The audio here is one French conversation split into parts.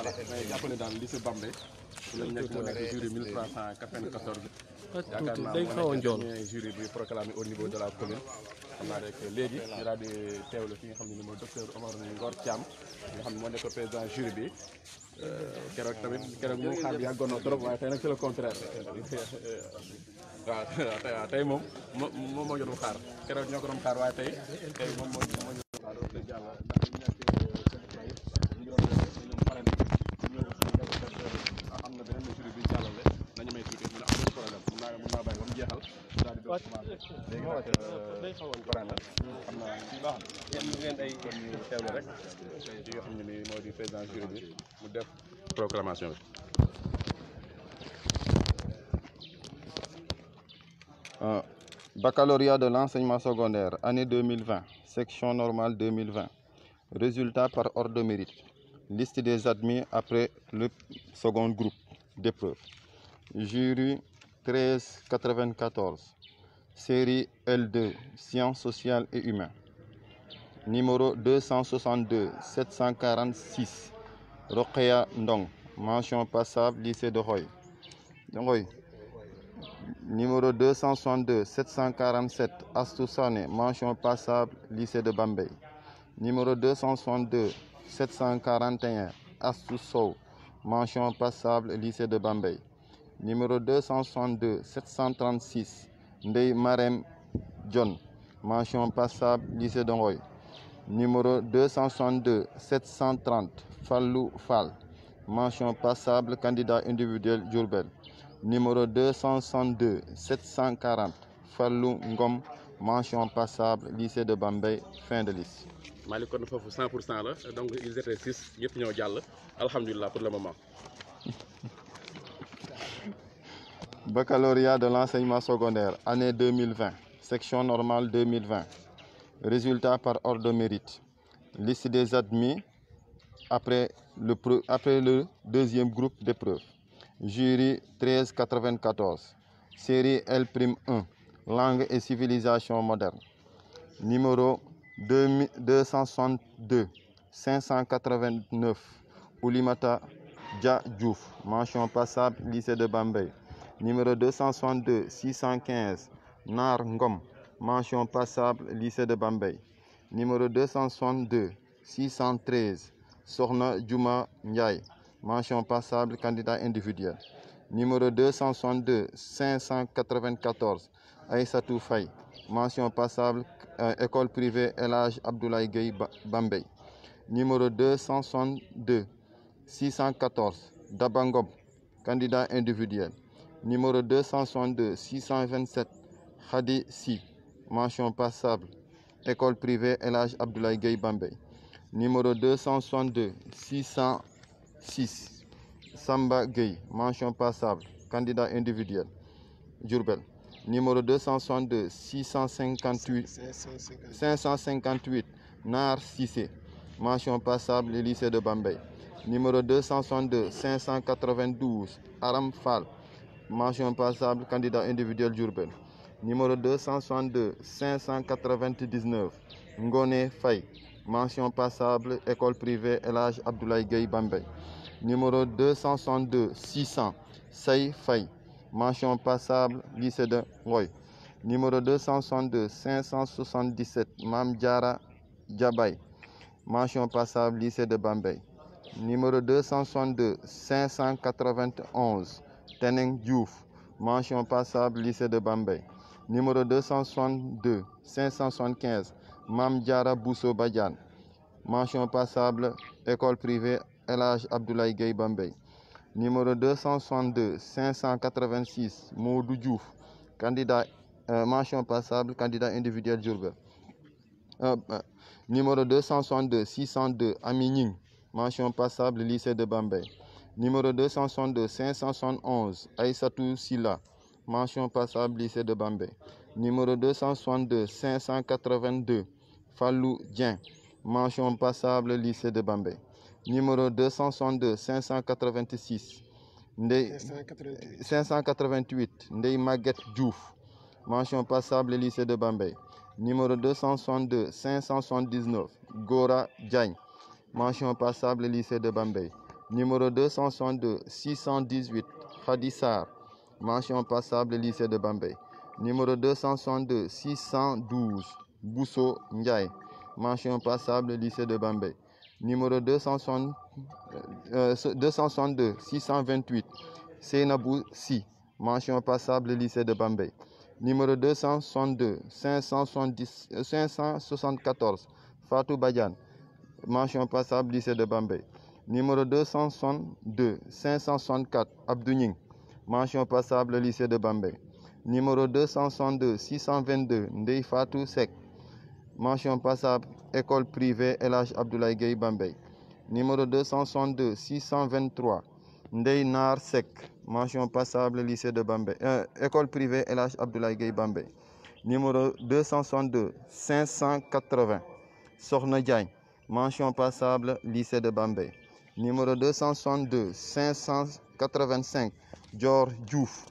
voilà mais jàpp ne daal lycée Bambey. su la nekk mu nekk bi proclamé au niveau de la commune. xam naa rek léegi ñu daal di teewlu fi nga xam ne ni mooy docteur Omar Ngor Thiam nga xam ne moo nekk président jury bi euh, keroog tamit keroog moom xaar bi yàggoon na trop waaye tey nag c'est le contraire waaw tey moom moom moo ñu doon xaar keroog ñoo ko doon xaar waaye tey tey moom moo ñu doon xaar proclamation euh, baccalauréat de l'enseignement secondaire, année 2020, section normale 2020. Résultats par ordre de mérite. Liste des admis après le second groupe d'épreuves. Jury 1394 série L2, sciences sociales et humaines. Numéro 262 746, Rokhaya Ndong, mention passable, lycée de Roy. Numéro 262 747, Astoussane, mention passable, lycée de Bambay. Numéro 262 741, Astoussou, mention passable, lycée de Bambay. Numéro 262 736, Ndeye Marem John, mention passable lycée Ngoï, Numéro 262 730 Fallou Fall, mention passable candidat individuel Jourbel. Numéro 262 740 Fallou Ngom, mention passable lycée de Bambay, fin de liste. 100 là, donc ils étaient 6 pour le moment. Baccalauréat de l'enseignement secondaire, année 2020, section normale 2020. résultat par ordre de mérite. Liste des admis après le, deuxième groupe d'épreuves. Jury 1394. Série L'1. Langue et civilisation moderne. Numéro 262 589. Oulimata Dja manchon Mention passable, lycée de Bambay numéro 262 615 Nar Ngom, mention passable lycée de Bambay. Numéro 262 613 Sorna Djuma Ndiaye, mention passable candidat individuel. Numéro 262 594 Aïssatou Faye, mention passable euh, école privée Elage Abdoulaye Gueye Bambay. Numéro 262 614 Dabangom, candidat individuel numéro 262 627 Khadi Si, mention passable, école privée Elage Abdoulaye Gueye Bambay. Numéro 262 606 Samba Gueye, mention passable, candidat individuel, Djurbel. Numéro 262 658 558, Nar Sissé, mention passable, lycée de Bambay. Numéro 262 592 Aram Fall, mention passable candidat individuel juba numéro 262 599 Ngone Faye mention passable école privée Elage Abdoulaye Gueye Bambay numéro 262 600 Sey Faye mention passable lycée de Roy numéro 262 577 Mam Diara mention passable lycée de Bambay numéro 262 591 Teneng Diouf, mention passable lycée de Bambay. Numéro 262 575, Mamdiara Bousso Badian, mention passable école privée LH Abdoulaye Gueye Bambay. Numéro 262 586, Moudou Diouf, candidat, euh, passable, candidat individuel Djurga. Euh, euh, numéro 262 602, Amining, mention passable lycée de Bambay. Numéro 262 571 Aïssatou Silla, mention passable lycée de Bambay. Numéro 262 582 Fallou Dien, mention passable lycée de Bambay. Numéro 262 586 588, Ndey Djouf mention passable lycée de Bambay. Numéro 262 579 Gora Diagne, mention passable lycée de Bambay numéro 262 618 Khadissar, mention passable lycée de Bambay. Numéro 262 612 Bousso Ndiaye, mention passable lycée de Bambay. Numéro 262 628 Seynabou Si, mention passable lycée de Bambay. Numéro 262 574 euh, Fatou Bayan, mention passable lycée de Bambay numéro 262 564 Abdouning, mention passable lycée de Bambay. Numéro 262 622 Ndei Fatou Sek, mention passable école privée LH Abdoulaye Gueye Bambay. Numéro 262 623 Ndei Nar Sek, mention passable lycée de Bambay, euh, école privée LH Abdoulaye Gueye Bambay. Numéro 262 580 Sorna mention passable lycée de Bambay numéro 262 585 George Diouf,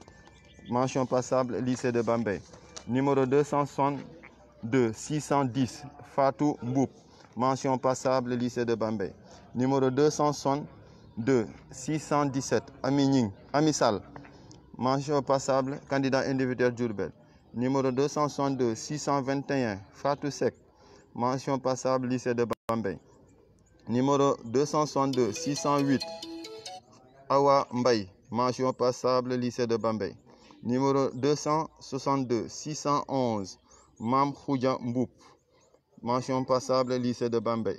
mention passable lycée de Bambay. Numéro 262 610 Fatou Mboup, mention passable lycée de Bambay. Numéro 262 617 Amining, Amisal, mention passable candidat individuel Djurbel. Numéro 262 621 Fatou Sek, mention passable lycée de Bambay numéro 262 608 Awa Mbaye, mention passable lycée de Bambay. Numéro 262 611 Mam Khoudia Mboup, mention passable lycée de Bambay.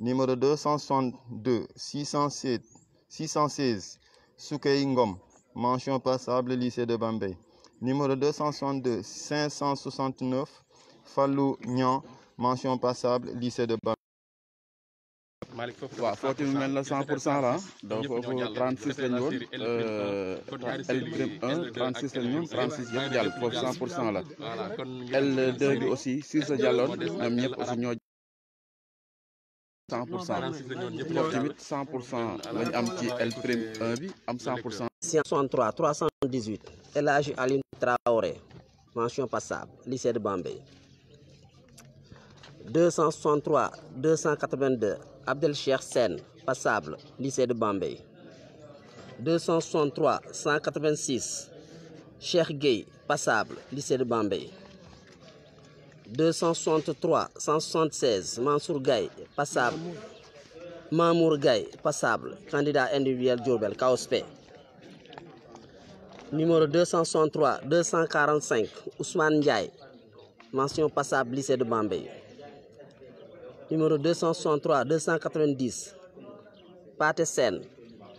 Numéro 262 607 616 Soukei Ngom, mention passable lycée de Bambay. Numéro 262 569 Fallou Nyan, mention passable lycée de Bambay. Il faut que mel na 100 là, donc 36 la L1 36 la 36 yëpp jàll 100 là. Elle L2 aussi 6 ce dialogue, 100 fortune 100 elle prime 1 100 63 318 El Hadj Traoré mention passable lycée de Bambay. 263 282 Abdel Cheikh Sen, passable, lycée de Bambay. 263 186 Cheikh Gay, passable, lycée de Bambay. 263 176 Mansour Gay, passable. Mamour Gay, passable, candidat individuel Djourbel, KOSP. Numéro 263 245 Ousmane Ndiaye, mention passable, lycée de Bambay numéro 263 290 Pate Sen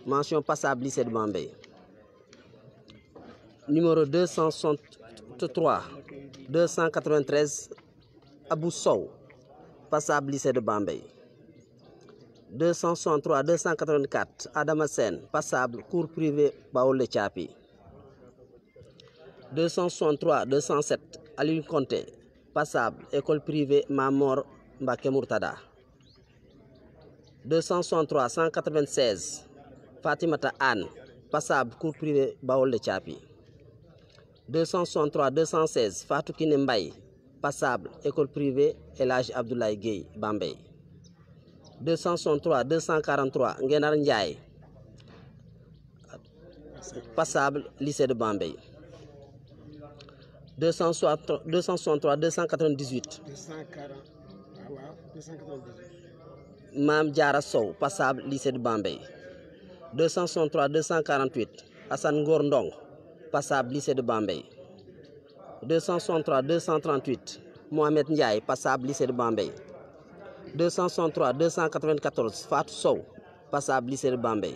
mention passable lycée de Bambay numéro 263 293 Abou passable lycée de Bambay 263 284 Adama passable cours privé Baoul Tchapi 263 207 Aline Conté passable école privée Mamor Mbake Murtada 263 196 Fatimata Anne Passable cours privé Baol de Chapi. 263 216 Fatou Passable école privée Elage Abdoulaye Gueye Bambey 263 243 Ngenar Ndiaye Passable lycée de Bambay 263 298 Mam Diara Sow passable lycée de Bambey 263 248 Hassan Ngor passable lycée de Bambey 263 238 Mohamed Ndiaye passable lycée de Bambey 263 294 Fat Sow passable lycée de Bambay.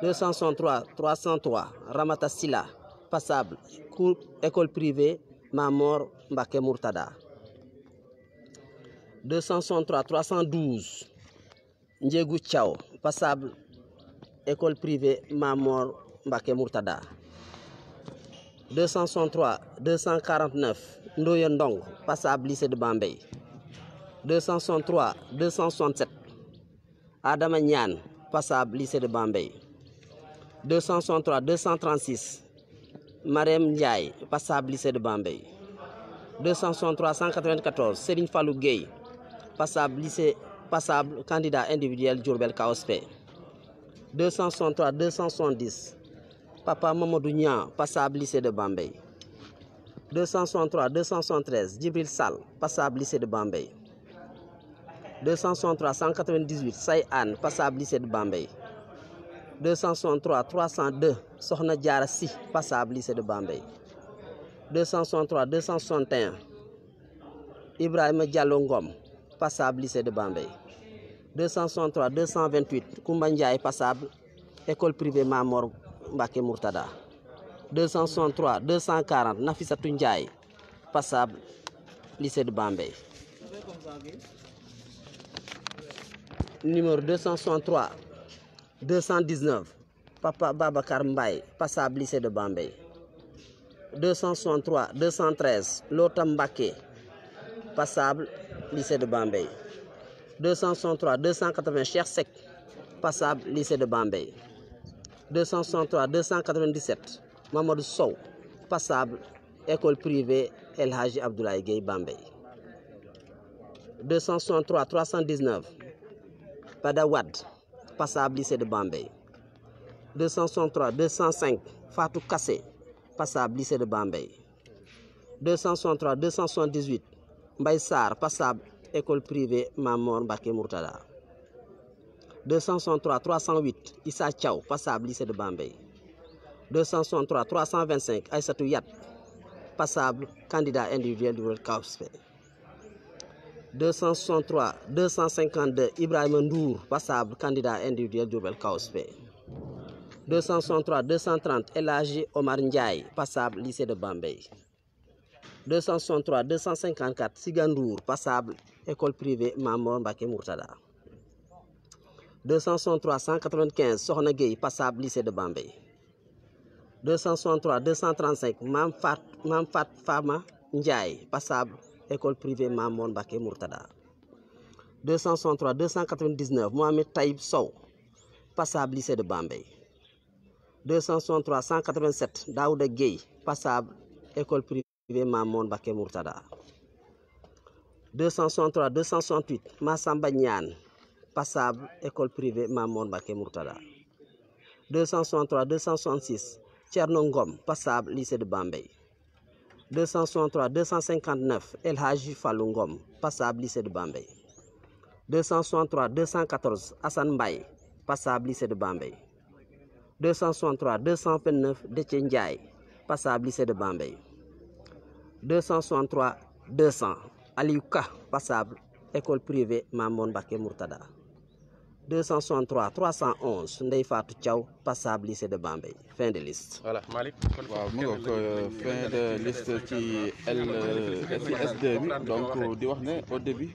263 303 Ramata Silla passable école privée Mamor Mbake Murtada. 263 312 Ndjegu Tchao passable école privée Mamor Mbake Murtada 263 249 Ndoyendong passable lycée de Bambay 263 267 Adama Nyan passable lycée de Bambay 263 236 Marem Ndiaye passable lycée de Bambay 263 194 Serigne Falou Gueye passable lycée passable candidat individuel Diourbel Kaospe 263 270 Papa Mamadou passable lycée de Bambay 263 273 Djibril Sal, passable lycée de Bambay 263 198 Sayan passable lycée de Bambay 263 302 Sohna Diara passable lycée de Bambay 263 261 Ibrahim Diallo passable lycée de bambay 263 228 Koumba passable école privée Mamor Mbake, Murtada. 263 240 Nafisa passable lycée de Bambay. numéro 263 219 Papa Baba Karmbay, passable lycée de Bambay. 263 213 Lota Mbake. passable lycée de Bambay. 263 280 Cher Sec, passable lycée de Bambay. 263 297 Mamadou Sow, passable école privée El Haji Abdoulaye Gueye Bambay. 263 319 Padawad, passable lycée de Bambay. 263 205 Fatou Kassé, passable lycée de Bambay. 263 278 Mbaïsar, passable école privée Mamor Baké, Murtala. 263 308 Issa Thiaw passable lycée de Bambey 263 325 Aïssatou Yat passable candidat individuel du World 263 252 Ibrahim Ndour passable candidat individuel du World 263 230 Elagi Omar Ndiaye passable lycée de Bambey 263 254 Sigandour passable école privée mamon Bakemurtada. murtada 263 195 Sohna passable lycée de Bambay 263 235 Mamfat Fat Fama Ndiaye passable école privée mamon Bakemurtada. murtada 263 299 Mohamed Taïb Sow passable lycée de Bambay 263 187 Daouda passable école privée 263, 268, Massamba passable, école privée mamon Bakemurtada 263, 266, Tchernongom, passable, lycée de Bambay. 263, 259, El Haji Falungom, passable, lycée de Bambay. 263, 214, Hassan Mbaye, passable, lycée de Bambay. 263, 229, Detchen passable, lycée de Bambay. 263 200 Aliouka, Passable école privée Mamon, Baké, Murtada. 263 311 Ndeye Fatou Passable lycée de Bambay. fin de liste. voilà euh, fin de liste qui est donc au début.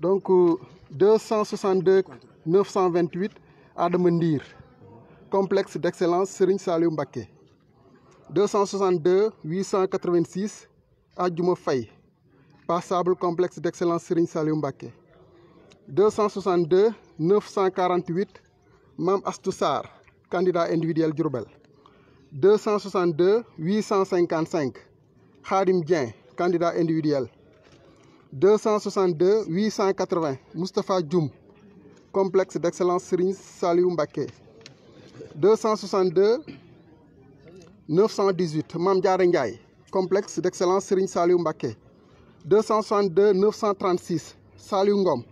donc 262 euh, 928 Adama complexe d'excellence Serigne Saliou 262 886 Adjuma Faye passable complexe d'excellence Serigne Saliou 262 948 Mam Astoussar, candidat individuel Rubel. 262 855 Khadim Dien, candidat individuel 262 880 Moustapha Djoum, complexe d'excellence Serigne Saliou Mbake. 262 918 Mam complexe d'excellence Serigne Saliou Mbake. 262 936 Saliou Ngom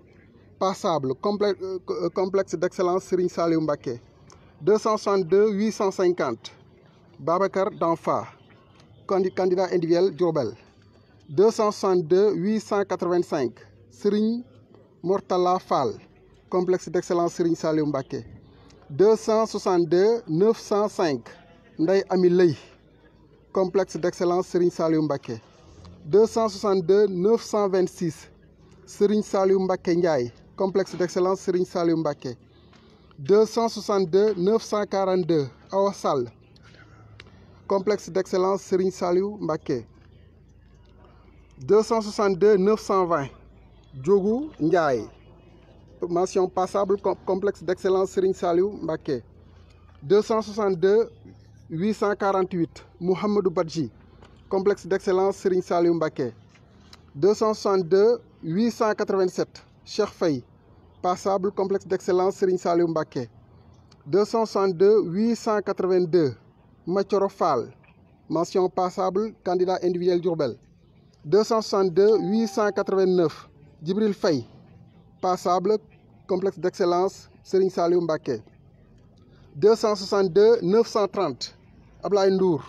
passable euh, complexe, d'excellence Serigne Saliou Mbake. 262 850 Babacar Danfa candidat individuel Djobel. 262 885 Serigne Mortala Fall complexe d'excellence Serigne Saliou 262 905 Nday Amilei, complexe d'excellence Serigne Saliou 262 926 Serigne Saliou complexe d'excellence Serigne Saliou 262 942 Awassal, complexe d'excellence Serigne Saliou 262 920 Djougou Ndiaye mention passable complexe d'excellence Serigne salou Mbake 262 848 Mohamedou Badji complexe d'excellence Serigne salou Mbake. 262 887 Cheikh passable complexe d'excellence Serigne salou Mbake. 262 882 Mathieu mention passable candidat individuel d'Urbel. 262 889 Djibril Faye passable complexe d'excellence Serigne Salium 262 930 Ablaï Ndour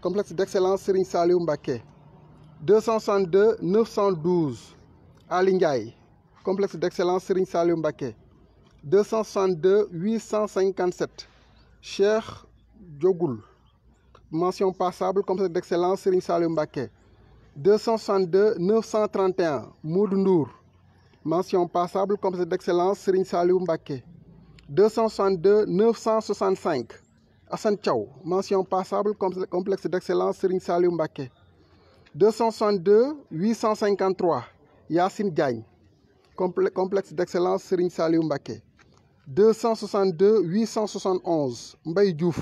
complexe d'excellence Serigne Salium 262 912 Alingay complexe d'excellence Serigne Salium Mbacké 262 857 Cher Djogoul mention passable complexe d'excellence Serigne Salium Mbacké 262 931 Moudounour, mention passable comme d'excellence Sirin Salou Mbake. 262 965 Hassan Tchao, mention passable comme complexe d'excellence Sirin Salou Mbake. 262 853 Yassine Gagne complexe d'excellence Sirin Salou Mbake. 262 871 Mbaye Diouf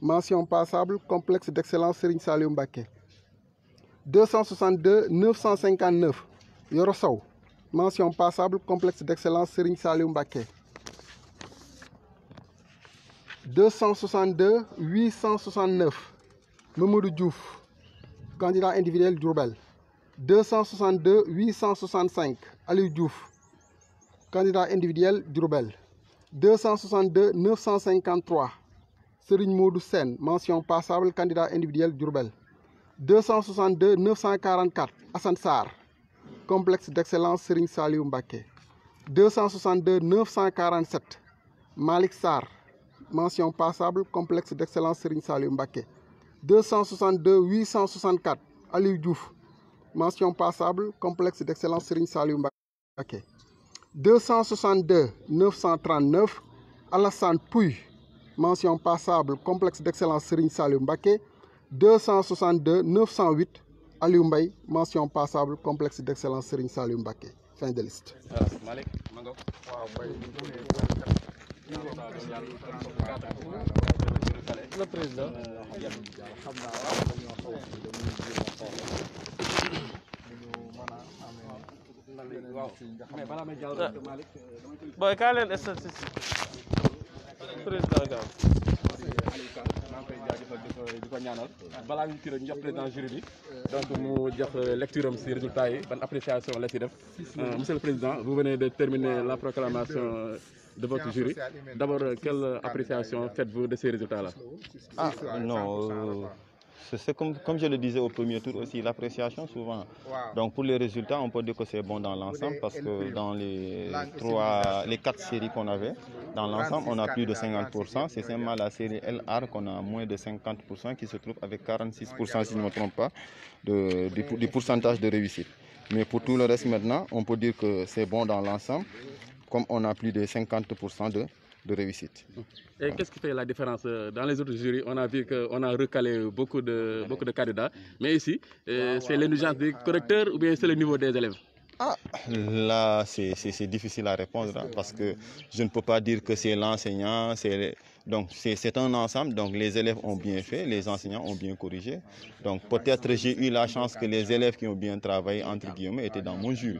mention passable complexe d'excellence Serigne Saliou Mbacké 262 959 Yoro mention passable complexe d'excellence Serigne Saliou 262 869 Mamadou Diouf candidat individuel Diourbel 262 865 Aliou Diouf candidat individuel Diourbel 262 953 Serigne Modou mention passable candidat individuel Diourbel 262 944 Hassan Sar, complexe d'excellence sering Saliou Mbake. 262 947 Malik Sar mention passable complexe d'excellence sering Saliou 262 864 Aliou Diouf mention passable complexe d'excellence sering Saliou 262 939 Alassane Pouy mention passable complexe d'excellence sering Saliou Baké 262 908 Aliou mention passable complexe d'excellence Serigne Salumbake. fin de liste. président maa ngi le ñaanal jury donc mu jox euh, lecture de résultats, yi ban appréciation la si euh, monsieur le président vous venez de terminer la proclamation euh, de votre jury d'abord quelle appréciation faites-vous de ces résultats là ah non c'est comme, je le disais au premier tour aussi, l'appréciation souvent. Donc pour les résultats, on peut dire que c'est bon dans l'ensemble parce que dans les trois, les quatre séries qu'on avait, dans l'ensemble, on a plus de 50%. C'est seulement la série LR qu'on a moins de 50% qui se trouve avec 46%, si je ne me trompe pas, de, du, du pourcentage de réussite. Mais pour tout le reste maintenant, on peut dire que c'est bon dans l'ensemble comme on a plus de 50% de réussite. Et qu'est-ce qui fait la différence Dans les autres jurys, on a vu qu'on a recalé beaucoup de, beaucoup de candidats, mais ici, euh, c'est l'indulgence des correcteurs ou bien c'est le niveau des élèves ah, là, c'est difficile à répondre hein, parce que je ne peux pas dire que c'est l'enseignant, c'est donc c'est un ensemble, donc les élèves ont bien fait, les enseignants ont bien corrigé. Donc peut-être j'ai eu la chance que les élèves qui ont bien travaillé, entre guillemets, étaient dans mon jury.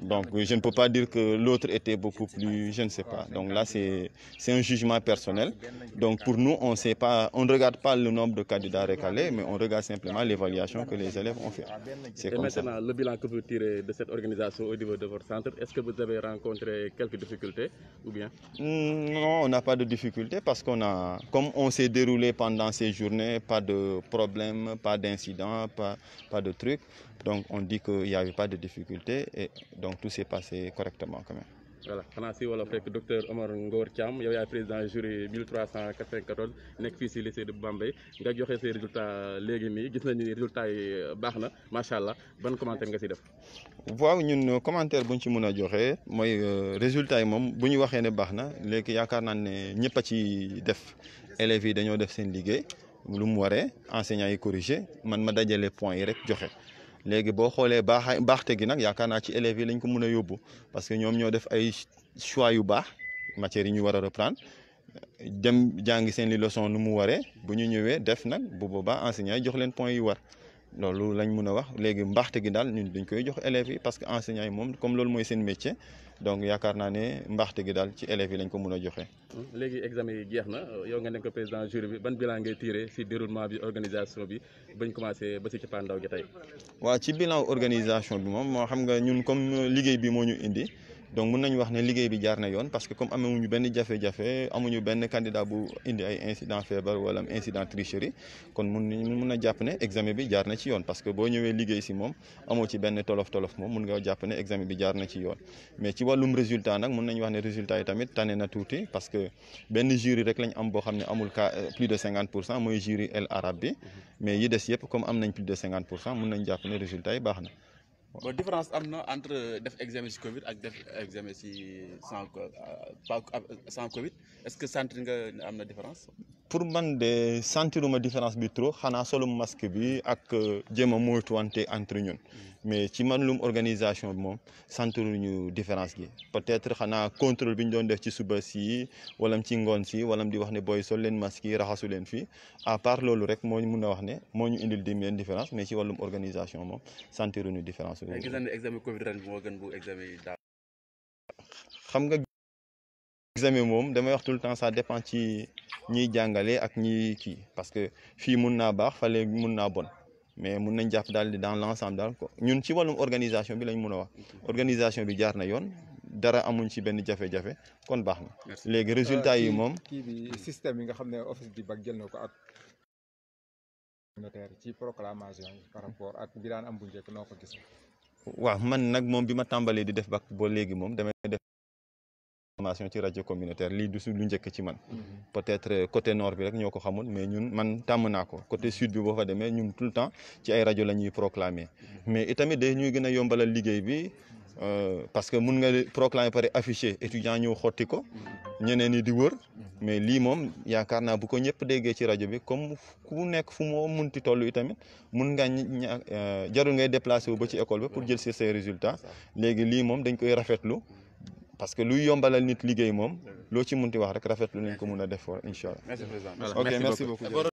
Donc je ne peux pas dire que l'autre était beaucoup plus, je ne sais pas. Donc là c'est un jugement personnel. Donc pour nous, on sait pas, on ne regarde pas le nombre de candidats récalés, mais on regarde simplement l'évaluation que les élèves ont fait. C'est comme maintenant, le bilan que vous tirez de cette organisation au niveau de votre centre, est-ce que vous avez rencontré quelques difficultés ou bien hmm, Non, on n'a pas de difficultés parce qu'on a, comme on s'est déroulé pendant ces journées, pas de problème, pas d'incident, pas, pas de truc. Donc on dit qu'il n'y avait pas de difficulté et donc tout s'est passé correctement quand même voilà xanaa si wala rek docteur Omar Ngor Thiam yow yaay président jury 1394 nekk fii si lycée de Bambey nga joxe say résultats léegi nii gis nañu ni résultats yi euh, baax na macha allah ban commentaire nga si def. waaw ñun euh, commentaire buñ ci mën a joxe mooy euh, résultats yi moom bu ñu waxee ne baax na léegi yaakaar naa ne ñëpp a ci def élèves yi dañoo def seen liggéey lu mu waree enseignants yi corrigé man ma dajale points yi rek joxe léegi bo xolé baax baxté gi nak yakarna ci élèves yi lañ ko mëna a parce que ñom ñoo def ay choix yu baax matière yi ñu wara reprendre dem jàngi seen li leçon nu mu waré bu ñu ñëwé def nag bu boobaa enseignant jox leen point yu war lolu lañ mëna wax léegi mbaaxte gi dal ñun dañ koy jox élèves yi parce que enseignant yi moom comme lolu moy seen métier donc yaakaar naa ne mbaxte gi daal ci élèves yi lañ ko mun a joxe. léegi examen yi jeex na yow nga nekk ko président jury bi ban bilan ngay tiré si déroulement bi organisation bi bañ commencé ba si cappaandaw gi tey. waaw ci bilan organisation bi moom moo xam nga ñun comme liggéey bi moo ñu indi donc mën nañ wax ne liggéey bi jaar na yoon parce que comme amuñu benn jafe-jafe amuñu benn candidat bu indi ay incident feebar wala incident tricherie kon mun nañ mun a jàpp ne examen bi jaar na ci yoon parce que boo ñëwee liggéey si moom amoo ci benn tolof tolof moom mun nga jàpp ne examen bi jaar na ci yoon mais ci wàllum résultat nag mun nañ wax ne résultat yi tamit tane na tuuti parce que benn jury rek lañ am boo xam ne amul euh, plus de 50 pour cent mooy jury el arabe bi mhm. mais yi des yëpp comme am nañ plus de 50 pour cent mun nañ jàpp ne résultat yi baax na bon différence am na entre def examen ci Covid ak def examen ci sans euh, euh, sans Covid est-ce que sentir nga am na différence. pour man de sentiruma différence bi trop xana solum masque bi ak djema euh, a entre ñun mais ci man lum organisation mom moom ñu différence gi peut-être xana contrôle bi ñu doon def ci suba si walam ci ngone si walam di wax ne boy sol leen masque yi raxasu leen fi à part lolu rek mo mun a wax ne mo ñu indil di leen différence mais ci walum organisation mom moom ñu différence. gis examen Covid ren moo gën bu examen xam nga examen mom damay wax tout le temps ça dépend ci ñiy jàngale ak ñi ki parce que fi mun naa baax fallait mun naa bon mais mun nañ jàpp daal di dans l'ensemble dal ko ñun ci walum organisation bi lañ mëna wax organisation bi jaar na yoon dara amuñ ci ben jafé jafé kon baax légui léegi euh, résultat yi mom ki bi système yi nga xamné office du bac jël nako ak notaire ci proclamation par rapport ak bi daan am bu njëkk noko gis wa man nak mom bima tambalé di def bac bo légui mom damay def formation ci radio communautaire li du su lu ñëk ci man mhm. peut-être euh, côté nord bi rek ñoko ko mais ñun man tàmm naa ko côté sud bi boo fa demee ñun tout le temps ci ay radio lañuy proclamer mhm. mais et tamit day ñuy gëna yombalal liggéey bi mhm. euh, parce que mën nga proclamer pare affiché étudiant ñëw xoti ko ñeneen ni di wër mais li mom yaakaar naa bu ko ñëpp déggé ci radio bi comme ku nekk fu mo mën ti tollu itamit mën nga euh, jarul ngay déplacer wu ba ci école bi pour jël si say résultats légui li mom dañ koy rafetlu parce que luy yombalal nit liguey mom lo ci munti wax rek rafet lu nañ ko mun a inshallah merci président ok merci beaucoup